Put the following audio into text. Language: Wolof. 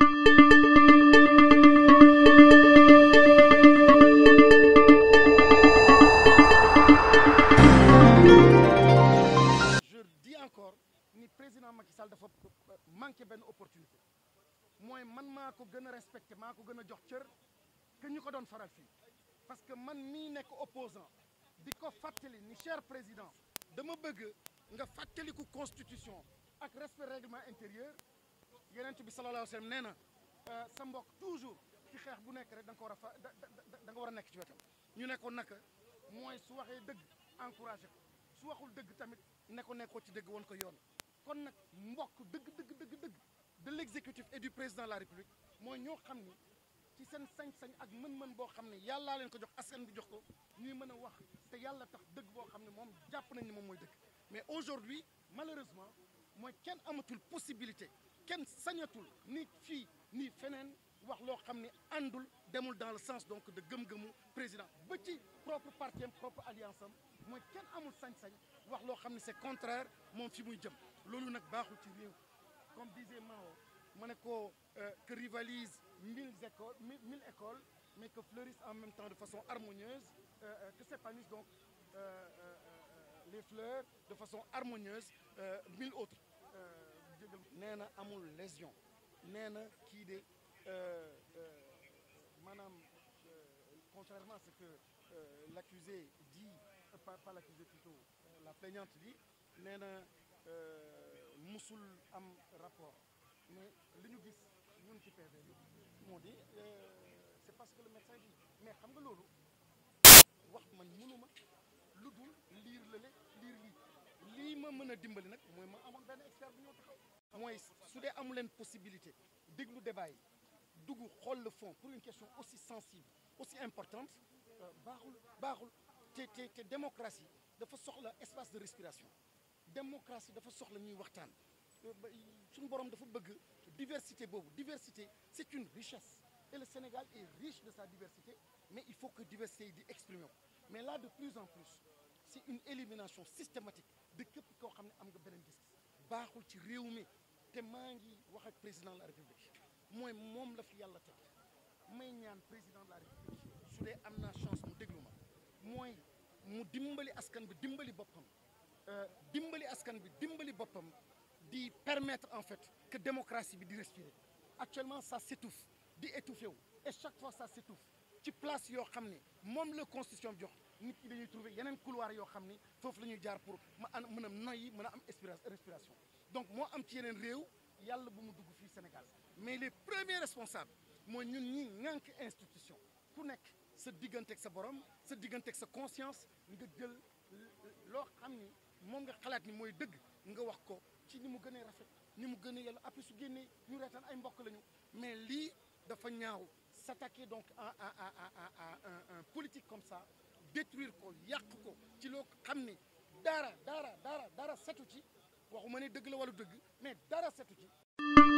Je dis encore, le président Macky Sall manque euh, manquer une opportunité. Moi, je le respecte, je le respecte, que nous un film. Parce que moi, je suis opposant. Je fatali, ni cher président, de me bugger, je fatali la constitution avec respect règlement intérieur yonent bi sallallahu alayhi wa sallam nee na euh, sa mbokk toujours ci xex bu nek rek da nga ko war a fa da da nga war a ci wetam ñu nekkon naka moy su waxe deug encourager ko su waxul deug tamit ne ko nekkoo ci deug won ko yoon kon nak mbokk deug deug deug deug de l'exécutif et du président de la république moy ñoo xamni ci sen sañ-sañ ak mën-mën bo xamni yalla yàllaa leen ko jox askan bi jox ko ñuy mëna wax te yalla tax deug bo xamni mom japp nañ ni mom moy deug mais aujourd'hui malheureusement moy kenn amatul possibilité kenn sañatul ni fille ni fenen wax lo xamni andul demul dans le sens donc de gëm-gëmu président ba ci propre parti un propre alliance am mooy kenn amul sañ-sañ wax lo xamni c'est contraire mom fi muy jëm loolu nak baaxul ci rew comme disait Mao monaco euh, que rivalise mille écoles mille écoles mais que fleurissent en même temps de façon harmonieuse euh, euh, que s'épanouissent donc les fleurs de façon harmonieuse mille autres nee amul lésion nee na euh, de euh, maanaam euh, contrairement à ce que euh, l'accusé dit pas pas l'accusé plutôt la plaignante dit nee euh, musul am rapport mais li ñu gis ñun ci PV bi moo di c'est parce que le médecin dit mais xam nga lolu wax man mënuma lu lire le lire li li ma mën dimbali nak moy ma am si vous avez une possibilité de débat de le fond pour une question aussi sensible aussi importante c'est euh, la démocratie dafa un espace de respiration démocratie dafa le ñuy waxtaan euh, suñu borom diversité diversité c'est une richesse et le Sénégal est riche de sa diversité mais il faut que diversité soit exprimée. mais là de plus en plus c'est une élimination systématique de ce qui est am te maa wax ak président de la république mooy moom la fi yàlla may ñaan président de la république su dee am naa chance mu déglu ma mooy mu dimbali askan bi dimbali boppam euh, dimbali askan bi dimbali boppam di permettre en fait que démocratie bi di respirer actuellement ça s'étouffe di étouffé et chaque fois ça s'étouffe Tu place yo xam ne moom la constitution bi jox nit ñi dañuy trouver yeneen couloir yoo xam ni foofu la jaar pour ma an mën a am respiration donc moi je suis un peu de Sénégal mais les premiers responsables nous, ñun ñi institution ku nous une conscience ni nga ni mais dafa donc un politique comme ça détruire dara dara dara waxuma ne dëgg la wala dëgg mais dara setu ci